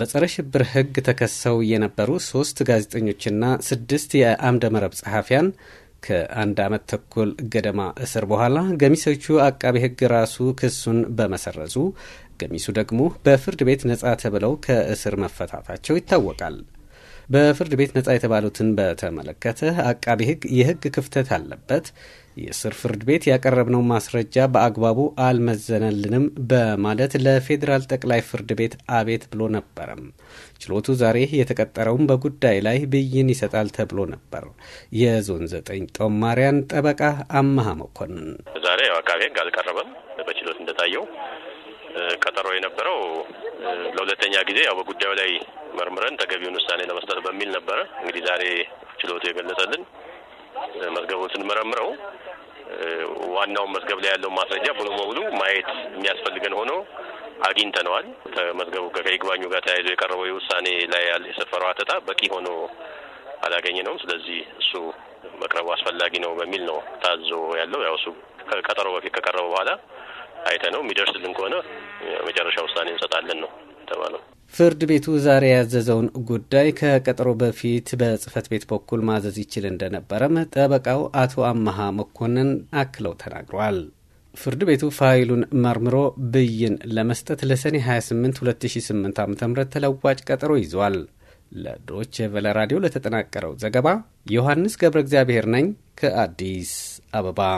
በጸረ ሽብር ሕግ ተከሰው የነበሩ ሶስት ጋዜጠኞችና ስድስት የአምደ መረብ ጸሐፊያን ከአንድ ዓመት ተኩል ገደማ እስር በኋላ ገሚሶቹ አቃቤ ሕግ ራሱ ክሱን በመሰረዙ ገሚሱ ደግሞ በፍርድ ቤት ነጻ ተብለው ከእስር መፈታታቸው ይታወቃል። በፍርድ ቤት ነጻ የተባሉትን በተመለከተ አቃቢ ህግ የህግ ክፍተት አለበት፣ የስር ፍርድ ቤት ያቀረብነው ማስረጃ በአግባቡ አልመዘነልንም በማለት ለፌዴራል ጠቅላይ ፍርድ ቤት አቤት ብሎ ነበረም። ችሎቱ ዛሬ የተቀጠረውም በጉዳይ ላይ ብይን ይሰጣል ተብሎ ነበር። የዞን ዘጠኝ ጦማሪያን ጠበቃ አመሃ መኮንን ዛሬ አቃቢ ህግ አልቀረበም በችሎት እንደታየው ቀጠሮ የነበረው ለሁለተኛ ጊዜ ያው በጉዳዩ ላይ መርምረን ተገቢውን ውሳኔ ለመስጠት በሚል ነበረ። እንግዲህ ዛሬ ችሎቱ የገለጸልን መዝገቦችን መረምረው ዋናውን መዝገብ ላይ ያለውን ማስረጃ ሙሉ በሙሉ ማየት የሚያስፈልገን ሆኖ አግኝተነዋል። ከመዝገቡ ከይግባኙ ጋር ተያይዞ የቀረበው የውሳኔ ላይ የሰፈረው አተታ በቂ ሆኖ አላገኘ ነውም። ስለዚህ እሱ መቅረቡ አስፈላጊ ነው በሚል ነው ታዞ ያለው። ያው እሱ ከቀጠሮ በፊት ከቀረበ በኋላ አይተ ነው የሚደርስልን ከሆነ መጨረሻ ውሳኔ እንሰጣለን ነው የተባለው። ፍርድ ቤቱ ዛሬ ያዘዘውን ጉዳይ ከቀጠሮ በፊት በጽህፈት ቤት በኩል ማዘዝ ይችል እንደነበረም ጠበቃው አቶ አመሃ መኮንን አክለው ተናግረዋል። ፍርድ ቤቱ ፋይሉን መርምሮ ብይን ለመስጠት ለሰኔ 28 2008 ዓ ም ተለዋጭ ቀጠሮ ይዟል። ለዶች ቨለ ራዲዮ ለተጠናቀረው ዘገባ ዮሐንስ ገብረ እግዚአብሔር ነኝ ከአዲስ አበባ